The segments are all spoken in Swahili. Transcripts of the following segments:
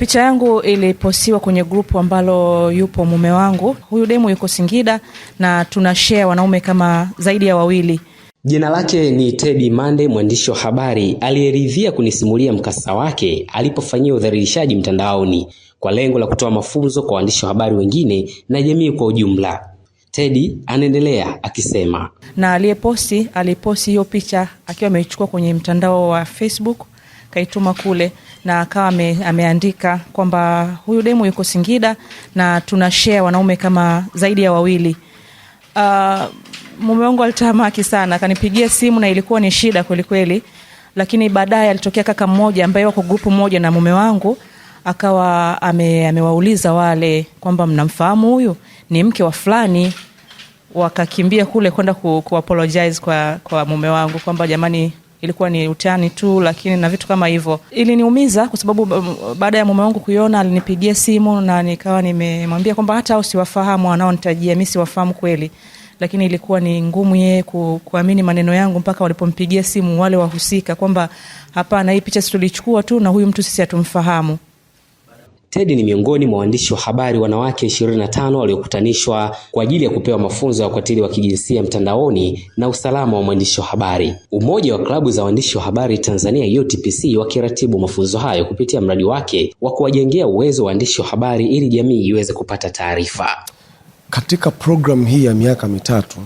Picha yangu ilipostiwa kwenye grupu ambalo yupo mume wangu. Huyu demu yuko Singida na tuna share wanaume kama zaidi ya wawili. Jina lake ni Teddy Mande, mwandishi wa habari aliyeridhia kunisimulia mkasa wake alipofanyia udhalilishaji mtandaoni kwa lengo la kutoa mafunzo kwa waandishi wa habari wengine na jamii kwa ujumla. Teddy anaendelea akisema, na aliyeposti aliposti hiyo picha akiwa ameichukua kwenye mtandao wa Facebook kaituma kule, na akawa ameandika kwamba huyu demu yuko Singida na tuna share wanaume kama zaidi ya wawili. Uh, mume wangu alitamaki sana, akanipigia simu na ilikuwa ni shida kwelikweli, lakini baadaye alitokea kaka mmoja ambaye wako grupu moja na mume wangu akawa amewauliza ame, wale kwamba mnamfahamu huyu ni mke wa fulani. Wakakimbia kule kwenda ku, ku apologize kwa, kwa mume wangu kwamba jamani ilikuwa ni utani tu, lakini na vitu kama hivyo. Iliniumiza kwa sababu um, baada ya mume wangu kuiona, alinipigia simu na nikawa nimemwambia kwamba hata au siwafahamu wanaonitajia, mi siwafahamu kweli lakini ilikuwa ni ngumu yeye kuamini maneno yangu mpaka walipompigia simu wale wahusika kwamba hapana, hii picha si tulichukua tu na huyu mtu sisi hatumfahamu. Teddy ni miongoni mwa waandishi wa habari wanawake 25 waliokutanishwa kwa ajili ya kupewa mafunzo ya ukatili wa kijinsia mtandaoni na usalama wa mwandishi wa habari. Umoja wa klabu za waandishi wa habari Tanzania UTPC wakiratibu mafunzo hayo kupitia mradi wake wa kuwajengea uwezo wa waandishi wa habari ili jamii iweze kupata taarifa. Katika programu hii ya miaka mitatu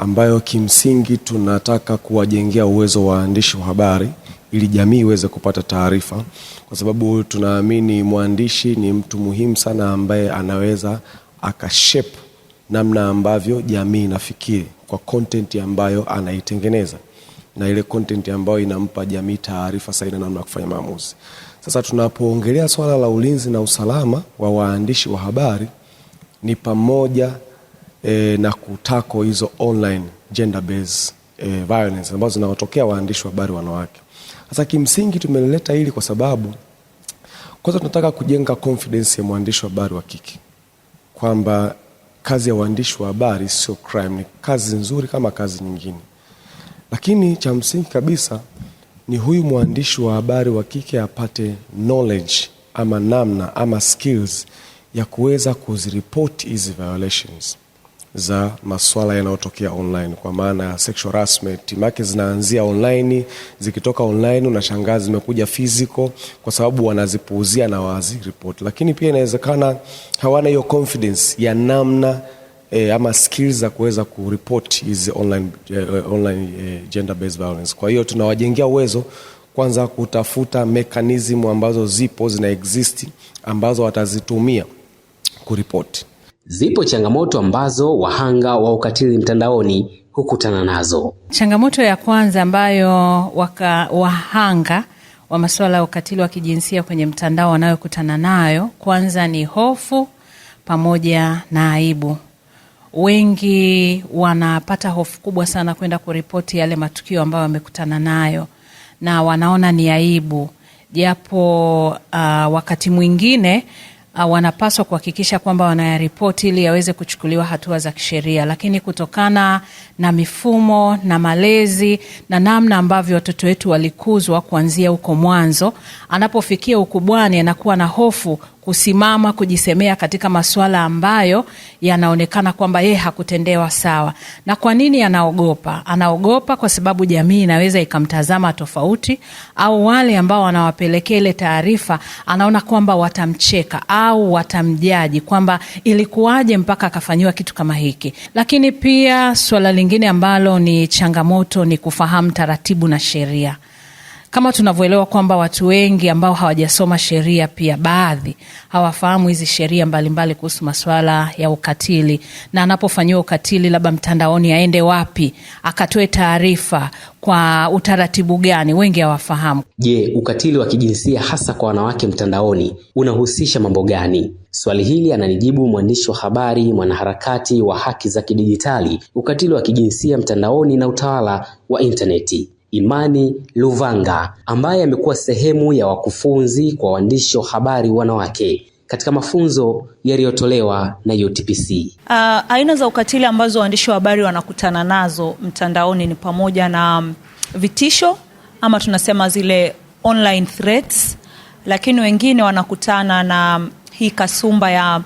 ambayo kimsingi tunataka kuwajengea uwezo wa waandishi wa habari ili jamii iweze kupata taarifa, kwa sababu tunaamini mwandishi ni mtu muhimu sana ambaye anaweza akashape namna ambavyo jamii inafikiri kwa content ambayo anaitengeneza na ile content ambayo inampa jamii taarifa sahihi na namna ya kufanya maamuzi. Sasa tunapoongelea swala la ulinzi na usalama wa waandishi wa habari ni pamoja e, na kutako hizo online gender based e, violence ambazo zinawatokea waandishi wa habari wanawake. Sasa kimsingi tumeleta hili kwa sababu kwanza tunataka kujenga confidence ya mwandishi wa habari wa kike kwamba kazi ya uandishi wa habari sio crime, ni kazi nzuri kama kazi nyingine. Lakini cha msingi kabisa ni huyu mwandishi wa habari wa kike apate knowledge ama namna ama skills ya kuweza kuziripoti hizi violations za masuala yanayotokea online, kwa maana sexual harassment make zinaanzia online, zikitoka online unashangaa zimekuja physical, kwa sababu wanazipuuzia na wazi report. Lakini pia inawezekana hawana hiyo confidence ya namna E, ama skills za kuweza kuripoti hizi online, eh, online eh, gender based violence. Kwa hiyo tunawajengea uwezo kwanza kutafuta mekanizmu ambazo zipo zina exist ambazo watazitumia kuripoti. Zipo changamoto ambazo wahanga wa ukatili mtandaoni hukutana nazo. Changamoto ya kwanza ambayo waka, wahanga wa masuala ya ukatili wa kijinsia kwenye mtandao wanayokutana nayo kwanza ni hofu pamoja na aibu. Wengi wanapata hofu kubwa sana kwenda kuripoti yale matukio ambayo wamekutana nayo na wanaona ni aibu, japo uh, wakati mwingine Ah, wanapaswa kuhakikisha kwamba wanayaripoti ili yaweze kuchukuliwa hatua za kisheria, lakini kutokana na mifumo na malezi na namna ambavyo watoto wetu walikuzwa kuanzia huko mwanzo, anapofikia ukubwani anakuwa na hofu kusimama kujisemea katika masuala ambayo yanaonekana kwamba yeye hakutendewa sawa. Na kwa nini anaogopa? Anaogopa kwa sababu jamii inaweza ikamtazama tofauti, au wale ambao wanawapelekea ile taarifa anaona kwamba watamcheka au watamjaji kwamba ilikuwaje mpaka akafanyiwa kitu kama hiki. Lakini pia suala lingine ambalo ni changamoto ni kufahamu taratibu na sheria kama tunavyoelewa kwamba watu wengi ambao hawajasoma sheria pia baadhi hawafahamu hizi sheria mbalimbali kuhusu masuala ya ukatili, na anapofanyiwa ukatili labda mtandaoni, aende wapi akatoe taarifa, kwa utaratibu gani? Wengi hawafahamu. Je, ukatili wa kijinsia hasa kwa wanawake mtandaoni unahusisha mambo gani? Swali hili ananijibu mwandishi wa habari, mwanaharakati wa haki za kidijitali, ukatili wa kijinsia mtandaoni na utawala wa intaneti Imani Luvanga ambaye amekuwa sehemu ya wakufunzi kwa waandishi wa habari wanawake katika mafunzo yaliyotolewa na UTPC. Uh, ah, aina za ukatili ambazo waandishi wa habari wanakutana nazo mtandaoni ni pamoja na mm, vitisho ama tunasema zile online threats, lakini wengine wanakutana na mm, hii kasumba ya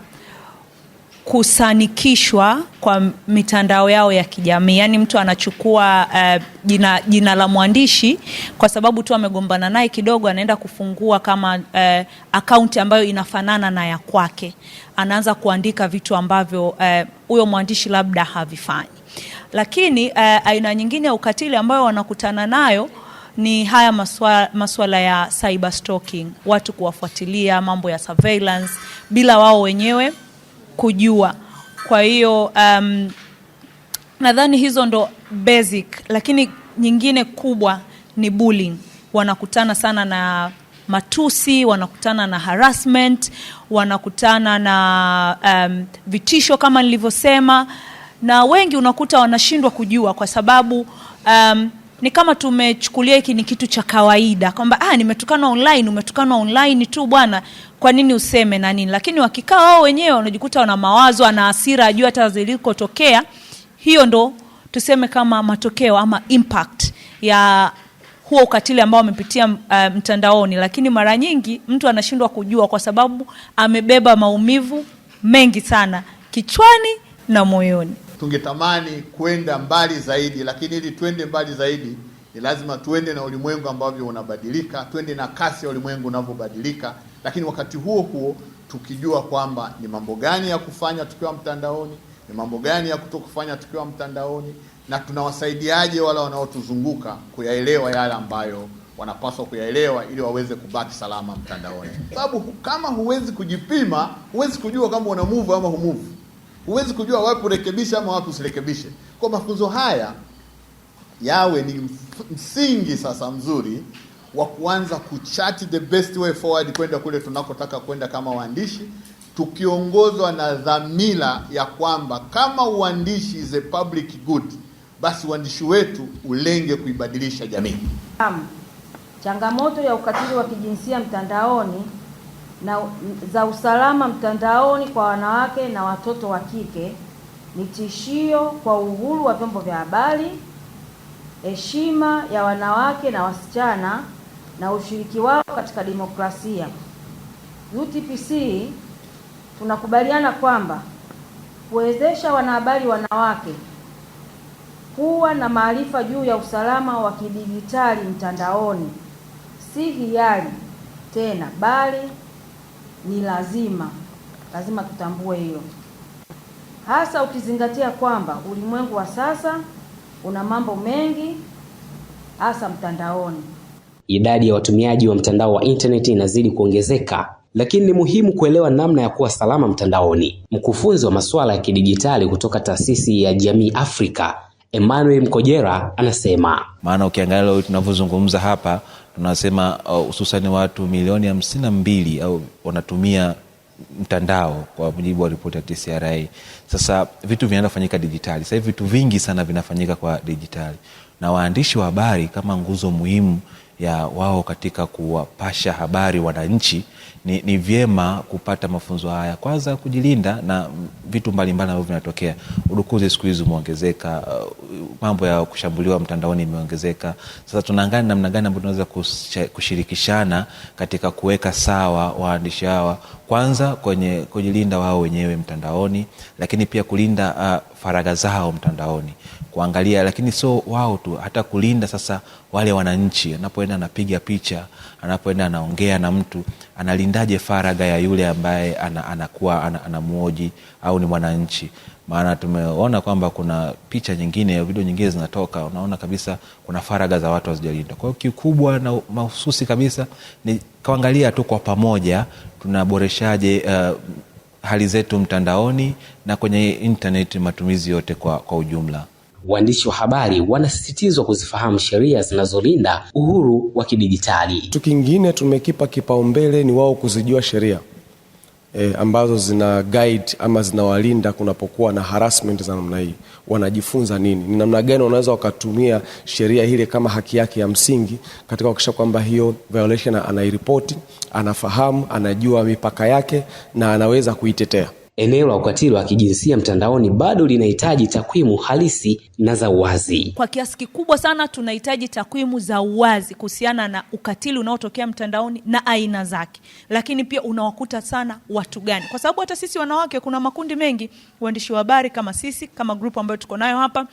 kusanikishwa kwa mitandao yao ya kijamii. Yaani mtu anachukua uh, jina, jina la mwandishi kwa sababu tu amegombana naye kidogo, anaenda kufungua kama uh, eh, akaunti ambayo inafanana na ya kwake, anaanza kuandika vitu ambavyo eh, huyo uh, mwandishi labda havifanyi. Lakini uh, aina nyingine ya ukatili ambayo wanakutana nayo ni haya maswala, maswala ya cyber stalking, watu kuwafuatilia, mambo ya surveillance bila wao wenyewe kujua. Kwa hiyo um, nadhani hizo ndo basic, lakini nyingine kubwa ni bullying. Wanakutana sana na matusi, wanakutana na harassment, wanakutana na um, vitisho kama nilivyosema, na wengi unakuta wanashindwa kujua kwa sababu um, ni kama tumechukulia hiki ni kitu cha kawaida kwamba ah, nimetukana online, umetukana online tu bwana, kwa nini useme na nini? Lakini wakikaa wao wenyewe wanajikuta wana mawazo, ana hasira, ajua hata zilikotokea. Hiyo ndo tuseme kama matokeo ama impact ya huo ukatili ambao amepitia uh, eh, mtandaoni. Lakini mara nyingi mtu anashindwa kujua kwa sababu amebeba maumivu mengi sana kichwani na moyoni tungetamani kwenda mbali zaidi, lakini ili twende mbali zaidi ni lazima tuende na ulimwengu ambavyo unabadilika, twende na kasi ya ulimwengu unavyobadilika, lakini wakati huo huo tukijua kwamba ni mambo gani ya kufanya tukiwa mtandaoni, ni mambo gani ya kutokufanya tukiwa mtandaoni, na tunawasaidiaje wale wanaotuzunguka kuyaelewa yale ambayo wanapaswa kuyaelewa ili waweze kubaki salama mtandaoni, sababu kama huwezi kujipima, huwezi kujua kama una move ama humuvu. Huwezi kujua wapi urekebishe ama wapi usirekebishe. Kwa mafunzo haya yawe ni msingi sasa mzuri wa kuanza kuchat the best way forward kwenda kule tunakotaka kwenda kama waandishi, tukiongozwa na dhamira ya kwamba kama uandishi is a public good, basi uandishi wetu ulenge kuibadilisha jamii. Changamoto ya ukatili wa kijinsia mtandaoni na za usalama mtandaoni kwa wanawake na watoto wa kike ni tishio kwa uhuru wa vyombo vya habari, heshima ya wanawake na wasichana na ushiriki wao katika demokrasia. UTPC tunakubaliana kwamba kuwezesha wanahabari wanawake kuwa na maarifa juu ya usalama wa kidijitali mtandaoni si hiari tena bali ni lazima, lazima tutambue hiyo, hasa ukizingatia kwamba ulimwengu wa sasa una mambo mengi, hasa mtandaoni. Idadi ya watumiaji wa mtandao wa intaneti inazidi kuongezeka lakini ni muhimu kuelewa namna ya kuwa salama mtandaoni. Mkufunzi wa masuala ya kidijitali kutoka taasisi ya Jamii Afrika, Emmanuel Mkojera, anasema maana ukiangalia leo tunavyozungumza hapa tunasema uh, hususani uh, watu milioni hamsini na mbili au wanatumia mtandao kwa mujibu wa ripoti ya TCRA. Sasa vitu vinaenda kufanyika dijitali. Sasa hivi vitu vingi sana vinafanyika kwa dijitali, na waandishi wa habari kama nguzo muhimu ya wao katika kuwapasha habari wananchi, ni, ni vyema kupata mafunzo haya, kwanza kujilinda na vitu mbalimbali ambavyo vinatokea. Udukuzi siku hizi umeongezeka, uh, mambo ya kushambuliwa mtandaoni imeongezeka. Sasa tunaangalia namna gani ambao tunaweza kushirikishana katika kuweka sawa waandishi hawa kwanza kwenye kujilinda wao wenyewe mtandaoni, lakini pia kulinda uh, faragha zao mtandaoni kuangalia, lakini sio wao tu, hata kulinda sasa wale wananchi, anapoenda anapiga picha anapoenda anaongea na mtu, analindaje faraga ya yule ambaye anakuwa ana muoji au ni mwananchi? Maana tumeona kwamba kuna picha nyingine, video nyingine zinatoka, unaona kabisa kuna faraga za watu hazijalindwa. kwao kikubwa na mahususi kabisa ni kuangalia tu kwa pamoja tunaboreshaje uh, hali zetu mtandaoni na kwenye intaneti, matumizi yote kwa, kwa ujumla waandishi wa habari wanasisitizwa kuzifahamu sheria zinazolinda uhuru wa kidijitali. Kitu kingine tumekipa kipaumbele ni wao kuzijua sheria e, ambazo zina guide ama zinawalinda kunapokuwa na harassment za namna hii. Wanajifunza nini, ni namna gani wanaweza wakatumia sheria ile kama haki yake ya msingi katika kuhakikisha kwamba hiyo violation anairipoti, anafahamu, anajua mipaka yake na anaweza kuitetea eneo la ukatili wa kijinsia mtandaoni bado linahitaji takwimu halisi na za uwazi. Kwa kiasi kikubwa sana tunahitaji takwimu za uwazi kuhusiana na ukatili unaotokea mtandaoni na aina zake, lakini pia unawakuta sana watu gani, kwa sababu hata sisi wanawake kuna makundi mengi, uandishi wa habari kama sisi, kama grupu ambayo tuko nayo hapa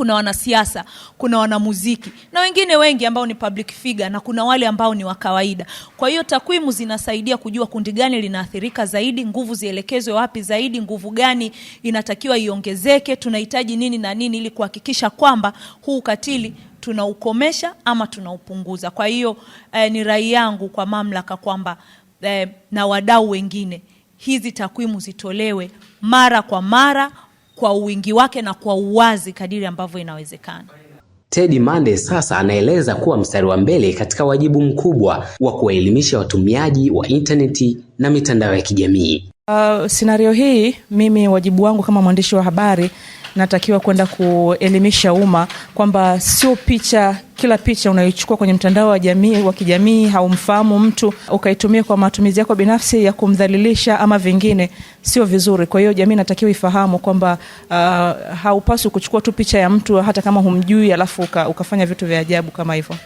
kuna wanasiasa, kuna wanamuziki na wengine wengi ambao ni public figure, na kuna wale ambao ni wa kawaida. Kwa hiyo takwimu zinasaidia kujua kundi gani linaathirika zaidi, nguvu zielekezwe wapi zaidi, nguvu gani inatakiwa iongezeke, tunahitaji nini na nini, ili kuhakikisha kwamba huu ukatili tunaukomesha ama tunaupunguza. Kwa hiyo eh, ni rai yangu kwa mamlaka kwamba eh, na wadau wengine hizi takwimu zitolewe mara kwa mara kwa uwingi wake na kwa uwazi kadiri ambavyo inawezekana. Teddy Mande sasa anaeleza kuwa mstari wa mbele katika wajibu mkubwa wa kuwaelimisha watumiaji wa intaneti na mitandao ya kijamii. Uh, hii mimi wajibu wangu kama mwandishi wa habari natakiwa kwenda kuelimisha umma kwamba sio picha kila picha unayochukua kwenye mtandao wa jamii wa kijamii, haumfahamu mtu ukaitumia kwa matumizi yako binafsi ya kumdhalilisha ama vingine, sio vizuri. Kwa hiyo jamii natakiwa ifahamu kwamba uh, haupaswi kuchukua tu picha ya mtu hata kama humjui, alafu uka, ukafanya vitu vya ajabu kama hivyo.